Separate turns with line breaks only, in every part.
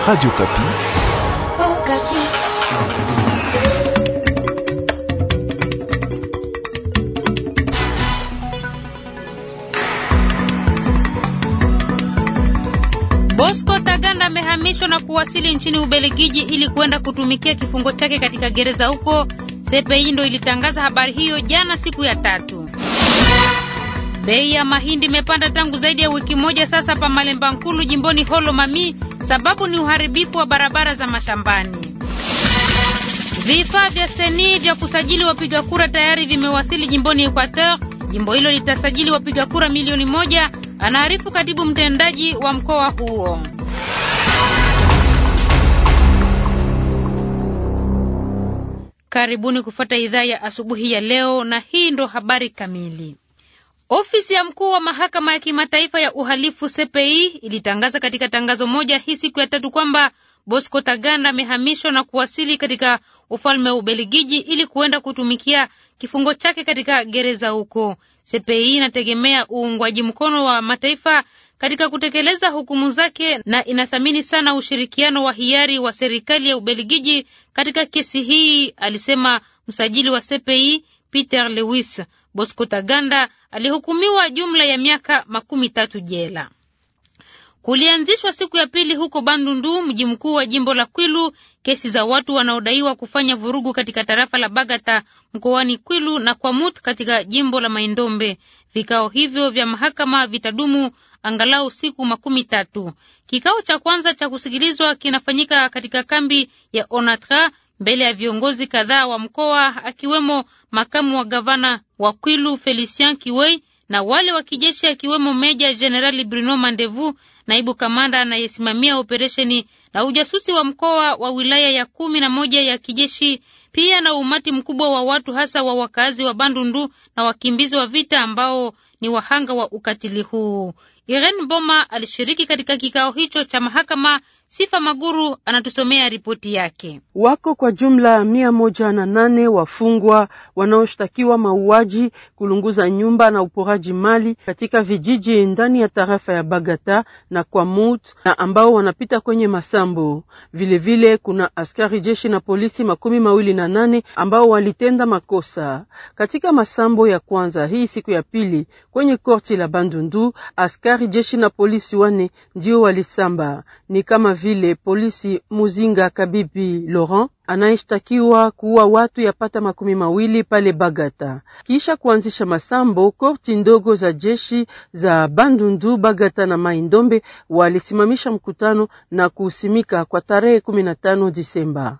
Radio Kapi.
Oh, Kapi.
Bosco Taganda amehamishwa na kuwasili nchini Ubelgiji ili kwenda kutumikia kifungo chake katika gereza huko. CPI ndo ilitangaza habari hiyo jana siku ya tatu. Bei ya mahindi imepanda tangu zaidi ya wiki moja sasa pa Malemba Nkulu jimboni Holo Mami Sababu ni uharibifu wa barabara za mashambani. Vifaa vya seni vya kusajili wapiga kura tayari vimewasili jimboni Equateur. Jimbo hilo litasajili wapiga kura milioni moja, anaarifu katibu mtendaji wa mkoa huo. Karibuni kufuata idhaa ya asubuhi ya leo, na hii ndo habari kamili. Ofisi ya mkuu wa mahakama ya kimataifa ya uhalifu CPI ilitangaza katika tangazo moja hii siku ya tatu kwamba Bosco Taganda amehamishwa na kuwasili katika ufalme wa Ubelgiji ili kuenda kutumikia kifungo chake katika gereza huko. CPI inategemea uungwaji mkono wa mataifa katika kutekeleza hukumu zake na inathamini sana ushirikiano wa hiari wa serikali ya Ubelgiji katika kesi hii, alisema msajili wa CPI Peter Lewis Bosco Taganda alihukumiwa jumla ya miaka makumi tatu jela. Kulianzishwa siku ya pili huko Bandundu, mji mkuu wa jimbo la Kwilu, kesi za watu wanaodaiwa kufanya vurugu katika tarafa la Bagata mkoani Kwilu na Kwamut katika jimbo la Maindombe. Vikao hivyo vya mahakama vitadumu angalau siku makumi tatu. Kikao cha kwanza cha kusikilizwa kinafanyika katika kambi ya Onatra mbele ya viongozi kadhaa wa mkoa akiwemo makamu wa gavana wa Kwilu Felicien Kiwei na wale wa kijeshi akiwemo Meja Jenerali Bruno Mandevu, naibu kamanda anayesimamia operesheni na ujasusi wa mkoa wa wilaya ya kumi na moja ya kijeshi, pia na umati mkubwa wa watu hasa wa wakazi wa Bandundu na wakimbizi wa vita ambao ni wahanga wa ukatili huu. Irene Boma alishiriki katika kikao hicho cha mahakama Sifa Maguru anatusomea ripoti yake.
Wako kwa jumla mia moja na nane wafungwa wanaoshtakiwa mauaji, kulunguza nyumba na uporaji mali katika vijiji ndani ya tarafa ya Bagata na Kwamut na ambao wanapita kwenye masambo. Vilevile vile, kuna askari jeshi na polisi makumi mawili na nane ambao walitenda makosa katika masambo ya kwanza hii siku ya pili kwenye korti la Bandundu. Askari jeshi na polisi wane ndio walisamba ni kama vile polisi Muzinga Kabibi Laurent anayeshtakiwa kuua watu yapata makumi mawili pale Bagata kisha kuanzisha masambo. Korti ndogo za jeshi za Bandundu, Bagata na Maindombe walisimamisha mkutano na kuusimika kwa tarehe kumi na tano Disemba.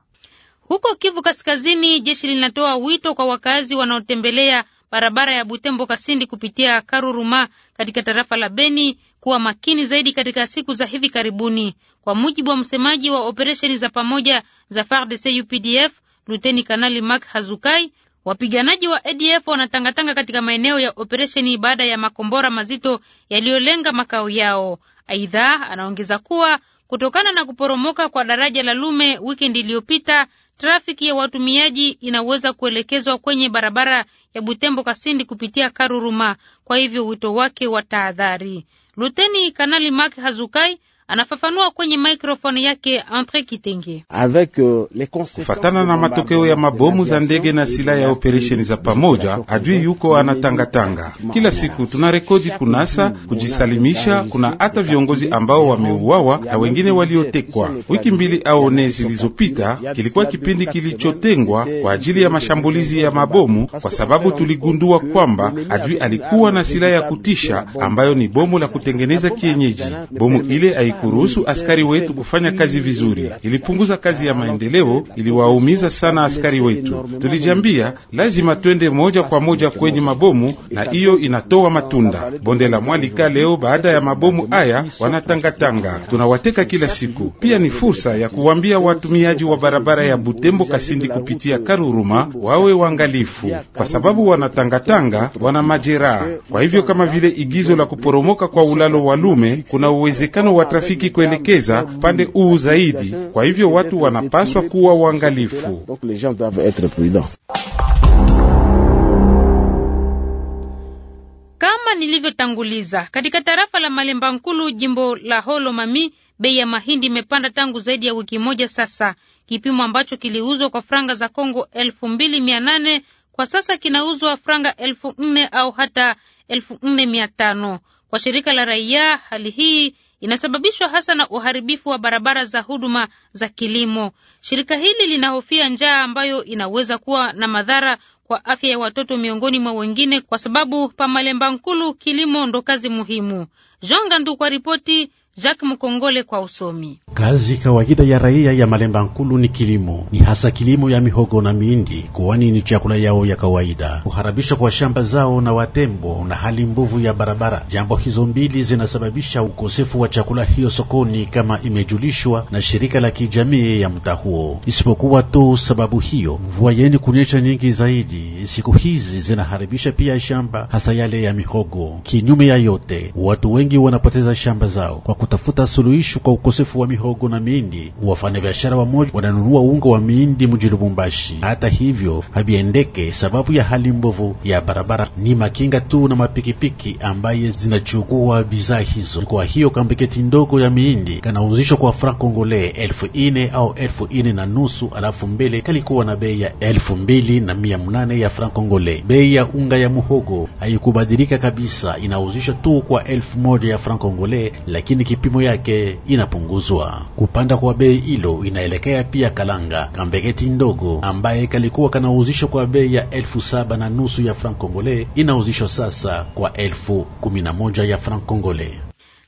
Huko Kivu Kaskazini, jeshi linatoa wito kwa wakazi wanaotembelea barabara ya Butembo Kasindi kupitia Karuruma katika tarafa la Beni kuwa makini zaidi katika siku za hivi karibuni. Kwa mujibu wa msemaji wa operesheni za pamoja za FARDC UPDF, Luteni Kanali Mark Hazukai, wapiganaji wa ADF wanatangatanga katika maeneo ya operesheni baada ya makombora mazito yaliyolenga makao yao. Aidha, anaongeza kuwa Kutokana na kuporomoka kwa daraja la Lume wikendi iliyopita, trafiki ya watumiaji inaweza kuelekezwa kwenye barabara ya Butembo Kasindi kupitia Karuruma. Kwa hivyo wito wake wa tahadhari. Luteni Kanali Mark Hazukai Anafafanua kwenye mikrofoni yake Andre Kitenge.
Euh, Kufatana na matokeo ya mabomu za ndege na silaha ya operesheni za pamoja, adui yuko anatangatanga kila siku. Tuna rekodi kunasa, kujisalimisha, kuna hata viongozi ambao wameuawa na wengine waliotekwa. Wiki mbili au nne zilizopita kilikuwa kipindi kilichotengwa kwa ajili ya mashambulizi ya mabomu, kwa sababu tuligundua kwamba adui alikuwa na silaha ya kutisha ambayo ni bomu la kutengeneza kienyeji. Bomu ile kuruhusu askari wetu kufanya kazi vizuri, ilipunguza kazi ya maendeleo, iliwaumiza sana askari wetu. Tulijiambia lazima twende moja kwa moja kwenye mabomu, na hiyo inatoa matunda. Bonde la Mwalika leo baada ya mabomu haya wanatangatanga, tunawateka kila siku. Pia ni fursa ya kuwambia watumiaji wa barabara ya Butembo Kasindi kupitia Karuruma wawe wangalifu kwa sababu wanatangatanga wana majeraha. Kwa hivyo kama vile igizo la kuporomoka kwa ulalo wa Lume, kuna uwezekano wa trafiki rafiki kuelekeza pande huu zaidi. Kwa hivyo watu wanapaswa kuwa waangalifu.
Kama nilivyotanguliza, katika tarafa la Malemba Nkulu, jimbo la Holo Mami, bei ya mahindi imepanda tangu zaidi ya wiki moja sasa. Kipimo ambacho kiliuzwa kwa franga za Kongo elfu kwa sasa kinauzwa franga elfu au hata elfu kwa shirika la raia. Hali hii inasababishwa hasa na uharibifu wa barabara za huduma za kilimo. Shirika hili linahofia njaa ambayo inaweza kuwa na madhara kwa afya ya watoto miongoni mwa wengine, kwa sababu pa Malemba Nkulu kilimo ndo kazi muhimu. Jean Gandu kwa ripoti Jacques Mkongole kwa usomi.
Kazi kawaida ya raia ya Malemba Nkulu ni kilimo, ni hasa kilimo ya mihogo na miindi, kwani ni chakula yao ya kawaida. Kuharabishwa kwa shamba zao na watembo na hali mbovu ya barabara, jambo hizo mbili zinasababisha ukosefu wa chakula hiyo sokoni, kama imejulishwa na shirika la kijamii ya mtaa huo. Isipokuwa tu sababu hiyo, mvua yeni kunyesha nyingi zaidi siku hizi zinaharibisha pia shamba, hasa yale ya mihogo. Kinyume ya yote, watu wengi wanapoteza shamba zao kwa kutafuta suluhisho kwa ukosefu wa mihogo na mindi. Wafanyabiashara moja wananunua unga wa miindi mji Lubumbashi. Hata hivyo, habiendeke sababu ya hali mbovu ya barabara. Ni makinga tu na mapikipiki ambaye zinachukua bidhaa hizo. Kwa hiyo kambiketi ndogo ya mihindi kanauzishwa kwa franc congolais elfu ine au elfu ine na nusu, alafu mbele kalikuwa na bei ya elfu mbili na mia mnane ya franc congolais. Bei ya unga ya muhogo haikubadilika kabisa, inauzishwa tu kwa elfu moja ya franc congolais, lakini kipimo yake inapunguzwa. Kupanda kwa bei hilo inaelekea pia kalanga kambegeti ndogo ambaye kalikuwa kanauzishwa kwa bei ya elfu saba na nusu ya franc congolais inauzishwa sasa kwa elfu kumi na moja ya franc congolais.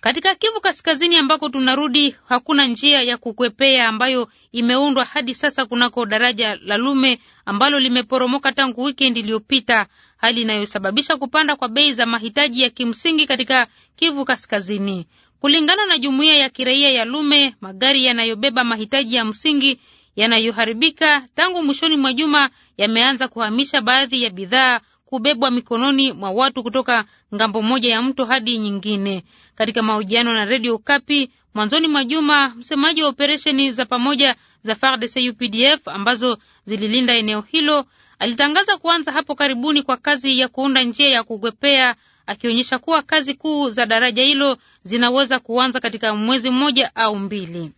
Katika Kivu Kaskazini ambako tunarudi, hakuna njia ya kukwepea ambayo imeundwa hadi sasa kunako daraja la Lume ambalo limeporomoka tangu wikendi iliyopita, hali inayosababisha kupanda kwa bei za mahitaji ya kimsingi katika Kivu Kaskazini. Kulingana na jumuiya ya kiraia ya Lume, magari yanayobeba mahitaji ya msingi yanayoharibika tangu mwishoni mwa juma yameanza kuhamisha baadhi ya bidhaa kubebwa mikononi mwa watu kutoka ngambo moja ya mto hadi nyingine. Katika mahojiano na Radio Kapi mwanzoni mwa juma, msemaji wa operesheni za pamoja za FARDC UPDF ambazo zililinda eneo hilo alitangaza kuanza hapo karibuni kwa kazi ya kuunda njia ya kugwepea, akionyesha kuwa kazi kuu za daraja hilo zinaweza kuanza katika mwezi mmoja au mbili.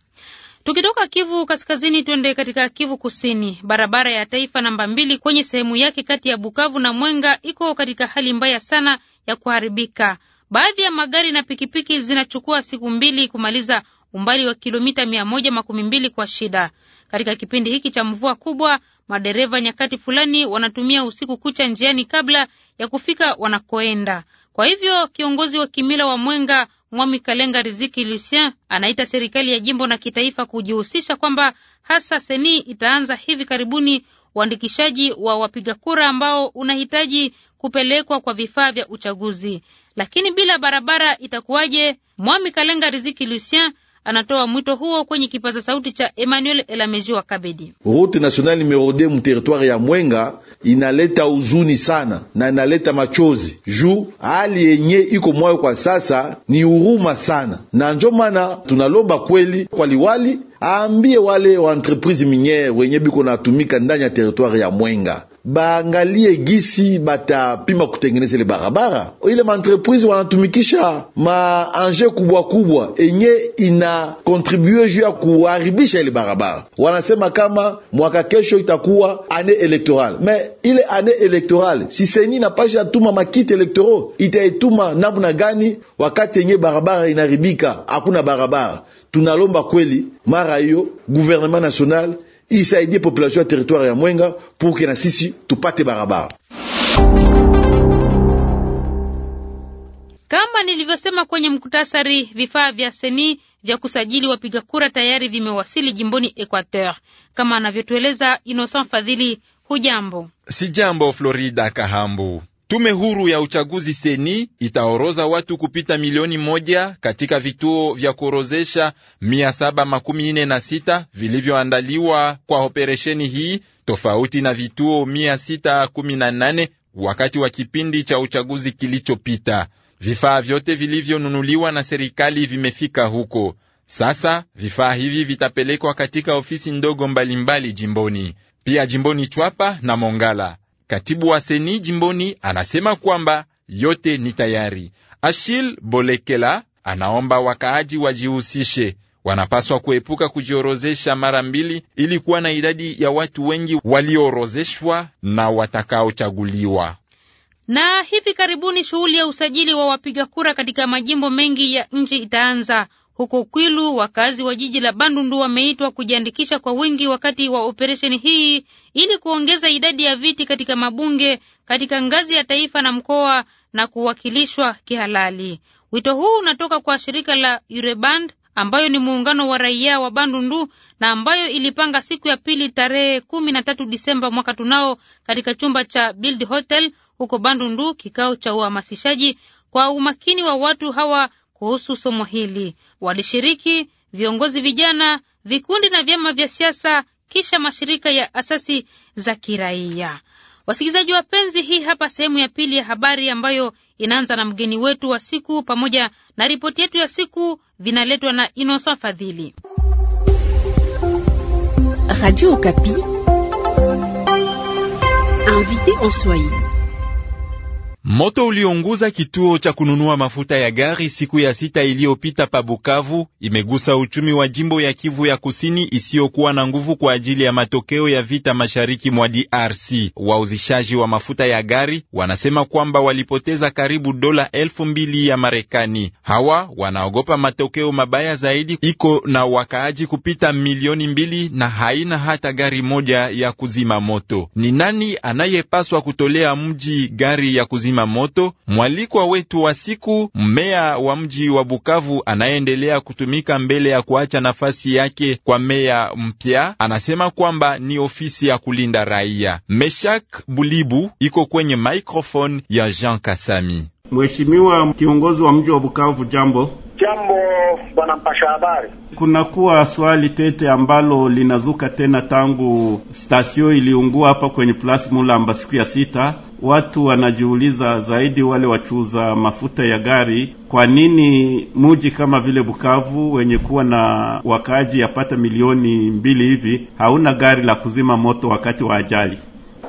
Tukitoka Kivu kaskazini twende katika Kivu kusini. Barabara ya taifa namba mbili kwenye sehemu yake kati ya Bukavu na Mwenga iko katika hali mbaya sana ya kuharibika. Baadhi ya magari na pikipiki zinachukua siku mbili kumaliza umbali wa kilomita mia moja makumi mbili kwa shida. Katika kipindi hiki cha mvua kubwa, madereva nyakati fulani wanatumia usiku kucha njiani kabla ya kufika wanakoenda. Kwa hivyo kiongozi wa kimila wa Mwenga Mwami Kalenga Riziki Lucien anaita serikali ya jimbo na kitaifa kujihusisha kwamba hasa seni itaanza hivi karibuni uandikishaji wa wapiga kura ambao unahitaji kupelekwa kwa vifaa vya uchaguzi. Lakini bila barabara itakuwaje? Mwami Kalenga Riziki Lucien anatoa mwito huo kwenye kipaza sauti cha Emmanuel Elamezi wa Kabedi.
Route nationale numero 2 mu territoire ya Mwenga inaleta uzuni sana na inaleta machozi juu hali yenye iko mwayo kwa sasa ni huruma sana, na njo maana tunalomba kweli kwa liwali aambie wale wa entreprise miniere wenye biko natumika ndani ya territoire ya Mwenga baangalie gisi batapima kutengeneza ile barabara. Ile maentreprise wanatumikisha maanje kubwa kubwa enye inakontribue juu ya kuharibisha ile barabara. Wanasema kama mwaka kesho itakuwa ane elektorale, me ile ane electorale si seni napasha tuma makiti elektoro, itaituma namna gani wakati enye barabara inaribika? Hakuna barabara. Tunalomba kweli mara hiyo gouvernement national isaidie population ya territoire ya Mwenga puke na sisi tupate barabara.
Kama nilivyosema kwenye mkutasari, vifaa vya seni vya kusajili wapiga kura tayari vimewasili jimboni Equateur, kama anavyotueleza Innocent Fadhili. Hujambo?
Si jambo, Florida Kahambu. Tume huru ya uchaguzi seni itaoroza watu kupita milioni moja katika vituo vya kuorozesha mia saba makumi nne na sita vilivyoandaliwa kwa operesheni hii tofauti na vituo mia sita kumi na nane wakati wa kipindi cha uchaguzi kilichopita. Vifaa vyote vilivyonunuliwa na serikali vimefika huko. Sasa vifaa hivi vitapelekwa katika ofisi ndogo mbalimbali mbali jimboni, pia jimboni Chwapa na Mongala. Katibu wa seni jimboni anasema kwamba yote ni tayari. Ashil Bolekela anaomba wakaaji wajihusishe, wanapaswa kuepuka kujiorozesha mara mbili ili kuwa na idadi ya watu wengi walioorozeshwa na watakaochaguliwa.
Na hivi karibuni shughuli ya usajili wa wapiga kura katika majimbo mengi ya nchi itaanza. Huko Kwilu, wakazi wa jiji la Bandundu wameitwa kujiandikisha kwa wingi wakati wa operesheni hii ili kuongeza idadi ya viti katika mabunge katika ngazi ya taifa na mkoa na kuwakilishwa kihalali. Wito huu unatoka kwa shirika la Ureband ambayo ni muungano wa raia wa Bandundu na ambayo ilipanga siku ya pili tarehe kumi na tatu Disemba mwaka tunao katika chumba cha Build Hotel huko Bandundu kikao cha uhamasishaji kwa umakini wa watu hawa kuhusu somo hili. Walishiriki viongozi vijana, vikundi na vyama vya siasa, kisha mashirika ya asasi za kiraia. Wasikilizaji wapenzi, hii hapa sehemu ya pili ya habari ambayo inaanza na mgeni wetu wa siku pamoja na ripoti yetu ya siku, vinaletwa na Inosa Fadhili,
Radio Okapi.
Invité en Swahili. Moto uliounguza kituo cha kununua mafuta ya gari siku ya sita iliyopita pa Bukavu imegusa uchumi wa jimbo ya Kivu ya Kusini isiyokuwa na nguvu kwa ajili ya matokeo ya vita mashariki mwa DRC. Wauzishaji wa mafuta ya gari wanasema kwamba walipoteza karibu dola elfu mbili ya Marekani. Hawa wanaogopa matokeo mabaya zaidi. Iko na wakaaji kupita milioni mbili na haina hata gari moja ya kuzima moto. Ni nani anayepaswa kutolea mji gari ya kuzima moto. Mwalikwa wetu wa siku, meya wa mji wa Bukavu anayeendelea kutumika mbele ya kuacha nafasi yake kwa meya mpya, anasema kwamba ni ofisi ya kulinda raia. Meshak Bulibu iko kwenye microphone ya Jean Kasami.
Mheshimiwa kiongozi wa mji wa Bukavu, jambo. Jambo bwana mpasha habari. Kunakuwa swali tete ambalo linazuka tena tangu stasio iliungua hapa kwenye Place Mulamba siku ya sita. Watu wanajiuliza zaidi, wale wachuuza mafuta ya gari, kwa nini muji kama vile Bukavu wenye kuwa na wakaaji yapata milioni mbili hivi hauna gari la kuzima moto wakati wa ajali?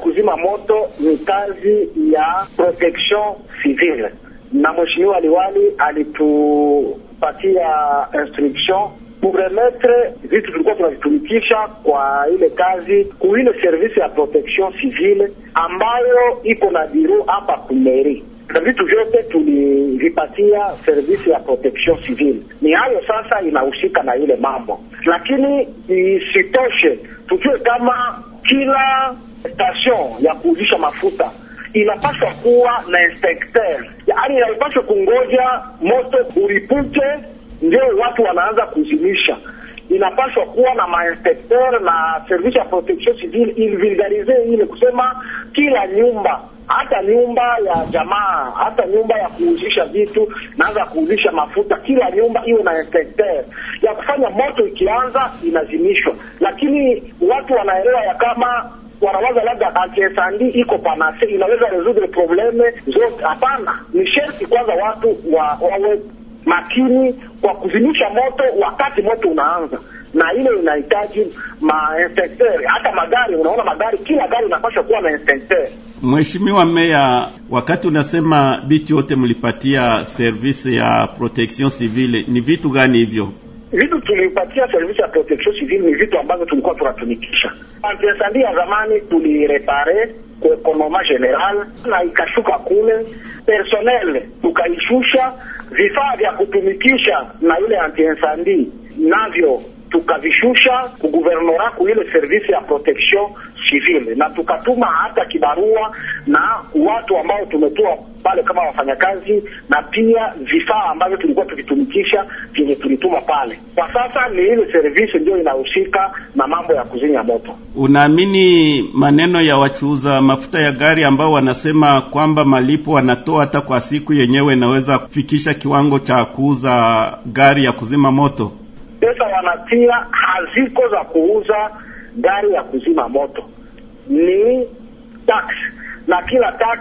Kuzima moto ni kazi ya protection civile na mheshimiwa liwali alitupatia instruction kuremetre vitu tulikuwa tunavitumikisha kwa ile kazi ku ile service ya protection civile ambayo iko na biro hapa kumeri na vitu vyote tulivipatia service ya protection civile Ni hayo sasa inahusika na ile mambo, lakini isitoshe tujue kama kila station ya kuuzisha mafuta inapaswa kuwa na inspector, yaani haipaswe kungoja moto ulipuke ndio watu wanaanza kuzimisha. Inapaswa kuwa na mainspekteur na service ya protection civile ilivulgarize ile kusema kila nyumba hata nyumba ya jamaa, hata nyumba ya kuuzisha vitu, naanza kuuzisha mafuta, kila nyumba iwe na inspecteur ya kufanya moto ikianza inazimishwa. Lakini watu wanaelewa ya kama wanawaza labda antiesandi iko panase inaweza resudre probleme zote. Hapana, ni sherti kwanza watu wa, wawe makini kwa kuzimisha moto wakati moto unaanza, na ile inahitaji mainspecteur. Hata magari, unaona magari, kila gari unapaswa kuwa na inspecteur.
Mheshimiwa Meya, wakati unasema bitu yote mlipatia service ya protection civile, ni vitu gani hivyo?
vitu tulipatia service ya protection civile ni vitu ambazo tulikuwa tunatumikisha antiesandi ya zamani, tulirepare kwa ekonoma general na ikashuka kule, personnel tukaishusha, vifaa vya kutumikisha na yule antiesandi navyo tukavishusha kuguvernora ku ile service ya protection civile, na tukatuma hata kibarua na watu ambao tumetoa pale kama wafanyakazi na pia vifaa ambavyo tulikuwa tukitumikisha vyenye tulituma pale. Kwa sasa ni ile service ndio inahusika na mambo ya kuzinya moto.
Unaamini maneno ya wachuuza mafuta ya gari ambao wanasema kwamba malipo wanatoa hata kwa siku yenyewe inaweza kufikisha kiwango cha kuuza gari ya kuzima moto? pesa
wanatia haziko za kuuza gari ya kuzima moto, ni tax, na kila tax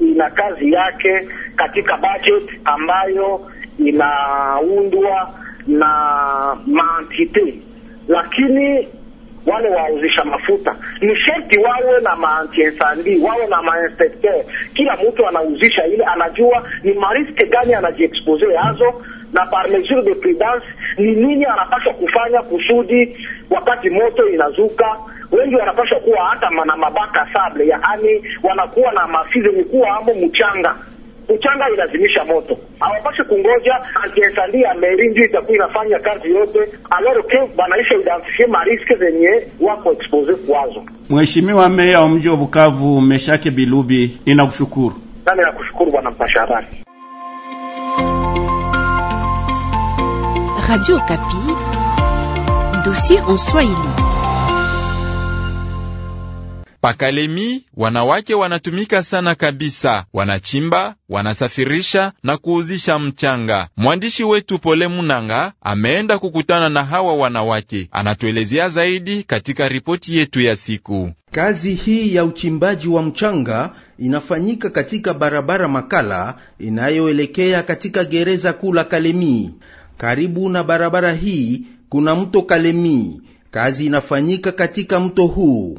ina kazi yake katika budget ambayo inaundwa na maantite, lakini wale wauzisha mafuta ni sharti wawe na maantiesandi, wawe na mainspecteur. Kila mtu anauzisha ile, anajua ni mariske gani anajiexpose yazo na par mesure de prudence, ni nini anapaswa kufanya kusudi wakati moto inazuka wengi wanapaswa kuwa hata na mabaka sable, yaani wanakuwa na masi zenye kuwa amo mchanga. Mchanga ilazimisha moto, hawapaswi kungoja antiesandi ya meri ndio itakuwa inafanya kazi yote, que banaisha identifie mariske zenye wako expose kwazo.
Mheshimiwa Meya wa mji wa Bukavu, Meshake Bilubi, ninakushukuru.
Nami nakushukuru Bwana habari.
Radio Kapi. Dossier en Swahili.
Pakalemi, wanawake wanatumika sana kabisa, wanachimba, wanasafirisha na kuuzisha mchanga. Mwandishi wetu Pole Munanga ameenda kukutana na hawa wanawake, anatuelezea zaidi katika ripoti yetu ya siku. Kazi hii ya
uchimbaji wa mchanga inafanyika katika barabara Makala inayoelekea katika gereza kuu la Kalemi. Karibu na barabara hii kuna mto Kalemi. Kazi inafanyika katika mto huu.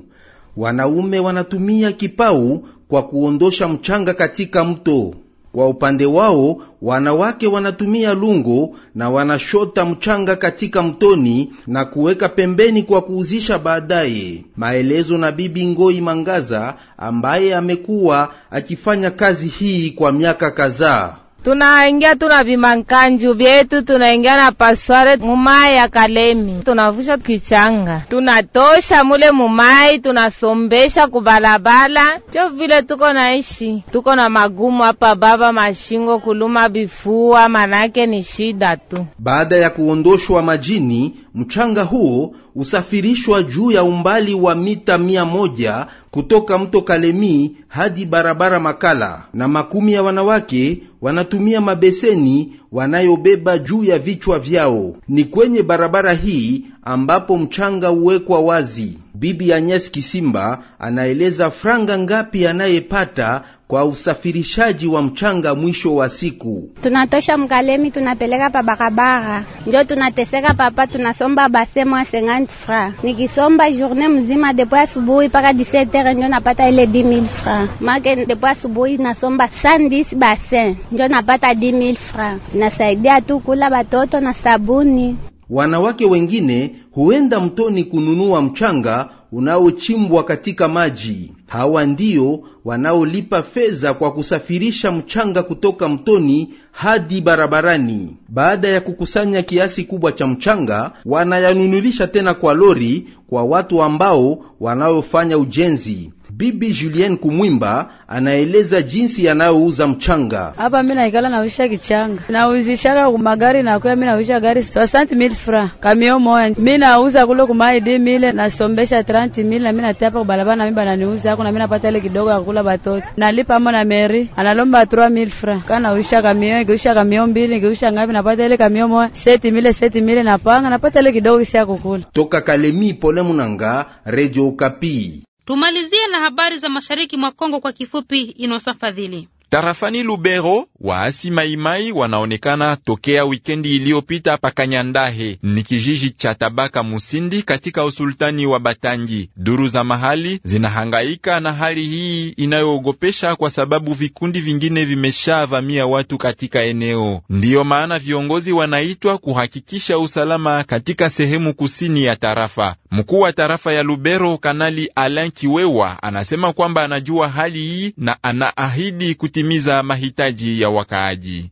Wanaume wanatumia kipau kwa kuondosha mchanga katika mto. Kwa upande wao, wanawake wanatumia lungo na wanashota mchanga katika mtoni na kuweka pembeni kwa kuuzisha baadaye. Maelezo na Bibi Ngoi Mangaza ambaye amekuwa akifanya kazi hii kwa miaka kadhaa
tunaingia tuna vimankanju vyetu tunaingia na pasware mumai ya Kalemi, tunavusha kichanga, tunatosha mule mumai, tunasombesha kubalabala. Cho vile tuko naishi, tuko na magumu hapa, baba mashingo kuluma bifua, manake ni shida tu.
Baada ya kuondoshwa majini Mchanga huo usafirishwa juu ya umbali wa mita mia moja kutoka mto Kalemi hadi barabara Makala, na makumi ya wanawake wanatumia mabeseni wanayobeba juu ya vichwa vyao. Ni kwenye barabara hii ambapo mchanga huwekwa wazi. Bibi Agnes Kisimba anaeleza franga ngapi anayepata kwa usafirishaji wa mchanga. Mwisho wa siku
tunatosha mkalemi, tunapeleka pa barabara, njo tunateseka papa, tunasomba basemo ya 50 fra, nikisomba journée mzima depo asubuhi mpaka 17h, njo napata ile 10000 fra make. depo asubuhi nasomba 110 basin, njo napata 10000 fra, nasaidia tu kula batoto na sabuni.
Wanawake wengine huenda mtoni kununua mchanga unaochimbwa katika maji. Hawa ndiyo wanaolipa fedha kwa kusafirisha mchanga kutoka mtoni hadi barabarani. Baada ya kukusanya kiasi kubwa cha mchanga, wanayanunulisha tena kwa lori kwa watu ambao wanaofanya ujenzi. Bibi julien Kumwimba anaeleza jinsi yanayouza mchanga
hapa. Mimi naikala nawisha kichanga, nauzishaka kumagari na kwa mimi nawisha gari 60000 francs kamio moya. Mimi nauza kule kuma idi mile nasombesha 30000 na mimi natapa kwa barabara na mimi bananiuza hapo na mimi napata ile kidogo ya kula batoto. Nalipa ama na meri analomba 3000 francs. Kana nawisha kamio, geusha kamio mbili, geusha ngapi napata ile kamio moya 7000 7000 napanga napata ile kidogo kisha kukula.
Toka Kalemi Pole Munanga, Radio Okapi.
Tumalizie na habari za mashariki mwa Kongo kwa kifupi. Inosafadhili,
Tarafani Lubero, waasi maimai wanaonekana tokea wikendi iliyopita Pakanyandahe, ni kijiji cha tabaka Musindi katika usultani wa Batangi. Duru za mahali zinahangaika na hali hii inayoogopesha, kwa sababu vikundi vingine vimeshavamia watu katika eneo. Ndiyo maana viongozi wanaitwa kuhakikisha usalama katika sehemu kusini ya tarafa. Mkuu wa tarafa ya Lubero, Kanali Alain Kiwewa, anasema kwamba anajua hali hii na anaahidi kuti kutimiza mahitaji ya wakaaji.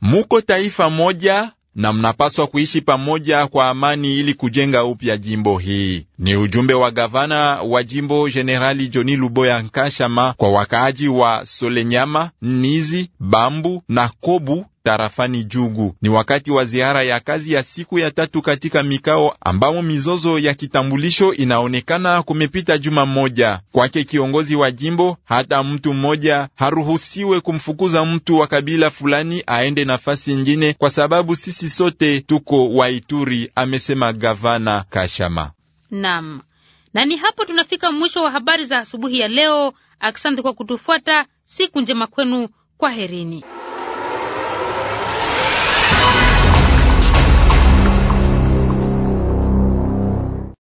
Muko taifa moja na mnapaswa kuishi pamoja kwa amani ili kujenga upya jimbo hii. Ni ujumbe wa gavana wa jimbo Jenerali Joni Luboya Nkashama kwa wakaaji wa Solenyama, Nizi, Bambu na Kobu tarafani Jugu. Ni wakati wa ziara ya kazi ya siku ya tatu katika mikao ambamo mizozo ya kitambulisho inaonekana. Kumepita juma moja kwake kiongozi wa jimbo, hata mtu mmoja haruhusiwe kumfukuza mtu wa kabila fulani aende nafasi nyingine, kwa sababu sisi sote tuko Waituri, amesema gavana Kashama.
Nam, na ni hapo tunafika mwisho wa habari za asubuhi ya leo. Asante kwa kutufuata. Siku njema kwenu, kwaherini.